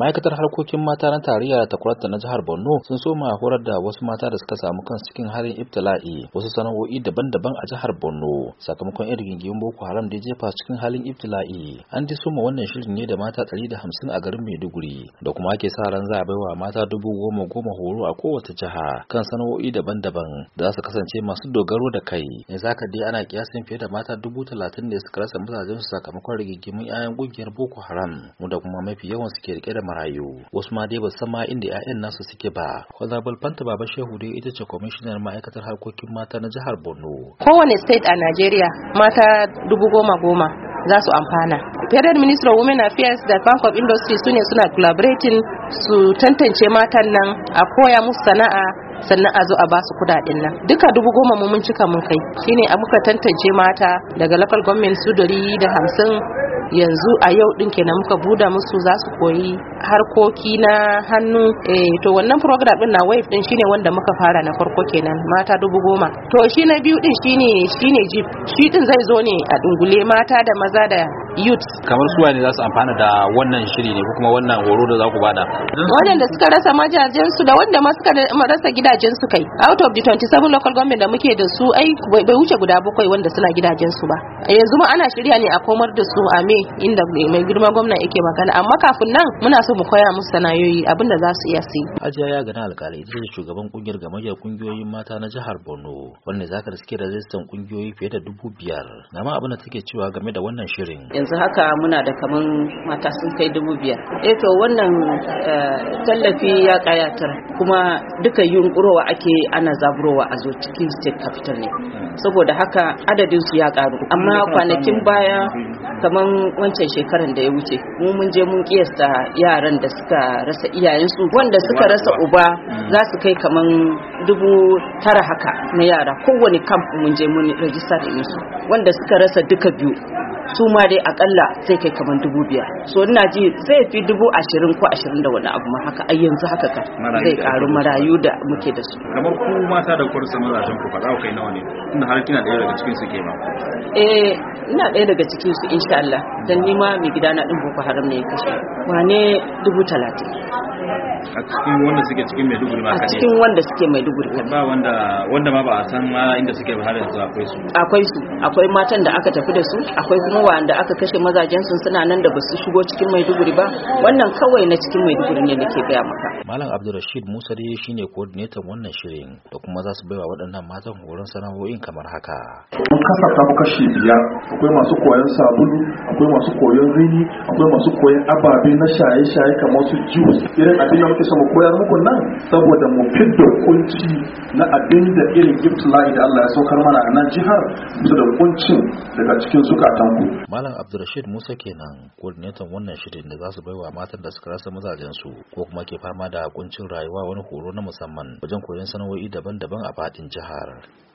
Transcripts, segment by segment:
ma'aikatar harkokin mata na tarayya da takwarta na jihar borno sun soma horar da wasu mata da suka samu kansu cikin halin ibtila'i wasu sana'o'i daban-daban a jihar borno sakamakon irin rigingimin boko haram da jefa cikin halin ibtila'i an ji soma wannan shirin ne da mata ɗari da hamsin a garin maiduguri da kuma ake sa ran za a baiwa mata dubu goma goma horo a kowace jiha kan sana'o'i daban-daban da za su kasance masu dogaro da kai za ka dai ana kiyasin fiye da mata dubu talatin da suka rasa mazajensu sakamakon rigingimin 'ya'yan ƙungiyar boko haram da kuma mafi yawan suke rike da marayu wasu ma dai ba san ma inda 'ya'yan nasu suke ba kwazabal fanta baba shehu dai ita ce kwamishinar ma'aikatar harkokin mata na jihar borno kowane state a Nigeria mata dubu goma goma za su amfana Federal Minister of Women Affairs da Bank of Industry su ne suna collaborating su tantance matan nan a koya musu sana'a sannan a zo a basu kudaden nan duka dubu goma mun cika mun kai shine a muka tantance mata daga local government su dari da hamsin yanzu a yau din kenan muka buda musu za su koyi harkoki na hannu eh to wannan program din na wave din shine wanda muka fara na farko kenan mata dubu goma to shi na biyu din shine shine jeep shi din zai zo ne a dungule mata da maza da youth kamar suwa ne za su amfana da wannan shiri ne kuma wannan horo da za ku bada wadanda suka rasa majajen su da wanda ma suka rasa gidajen su kai out of the 27 local government da muke da su ai bai wuce guda bakwai wanda suna gidajen su ba yanzu ma ana shirya ne a komar da su a me inda mai girma gwamna yake magana amma kafin nan muna so mu koya musu sanayoyi abinda za su iya su hajiya ajiya ya gani alkali ita ce shugaban kungiyar gamayyar kungiyoyin mata na jihar borno wanda zaka ka da rajistan kungiyoyi fiye da dubu biyar na ma abin da take cewa game da wannan shirin yanzu haka muna da kaman mata sun kai dubu biyar eh to wannan eh, tallafi ya kayatar kuma duka yunkurowa ake ana zaburowa a zo cikin state capital ne saboda haka adadin su ya karu amma kwanakin baya kaman wancan shekaran da ya wuce mu mun je mun kiyasta yaran da suka rasa iyayensu wanda suka rasa uba mm. za su kai kaman dubu tara haka na yara kowane kamp mun je mun rajista da wanda suka rasa duka biyu su ma dai akalla zai kai kamar dubu biyar so ina ji zai fi dubu ashirin ko ashirin da wani abu ma haka a yanzu haka ka zai karu marayu da muke da su kamar ku mata da kwarsa mazajen ku faɗa kai nawa ne ina har kina ɗaya daga cikin su ke ma eh ina ɗaya daga cikin su insha Allah dan ni ma mai gida na ɗin boko haram ne ya kashe wane dubu talatin a cikin wanda suke cikin mai duguri kaɗai a cikin wanda suke maiduguri kaɗai ba wanda wanda ma ba a san ma inda suke ba har yanzu akwai su akwai su akwai matan da aka tafi da su akwai kuma kuma wanda aka kashe mazajen sun suna nan da basu shigo cikin Maiduguri ba wannan kawai na cikin Maiduguri ne nake gaya maka Malam Abdulrashid Musa dai shine coordinator wannan shirin da kuma za su wa waɗannan matan horon sana'o'in kamar haka mun kasa ta kashi biyar akwai masu koyon sabulu akwai masu koyon rini akwai masu koyon ababe na shaye-shaye kamar su juice irin abin da muke so mu koyar muku nan saboda mu fidda kunci na abin da irin gift da Allah ya saukar mana a nan jihar su da kuncin daga cikin zukatanku Malam Abdulrashid Musa kenan coordinator wannan shirin da za su baiwa matan da suka rasa mazajen su ko kuma ke fama da kuncin rayuwa wani horo na musamman wajen koyon sana'o'i daban-daban a fadin jihar.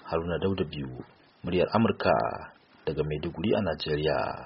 Haruna Dauda biyu, muryar Amurka daga Maiduguri a Najeriya.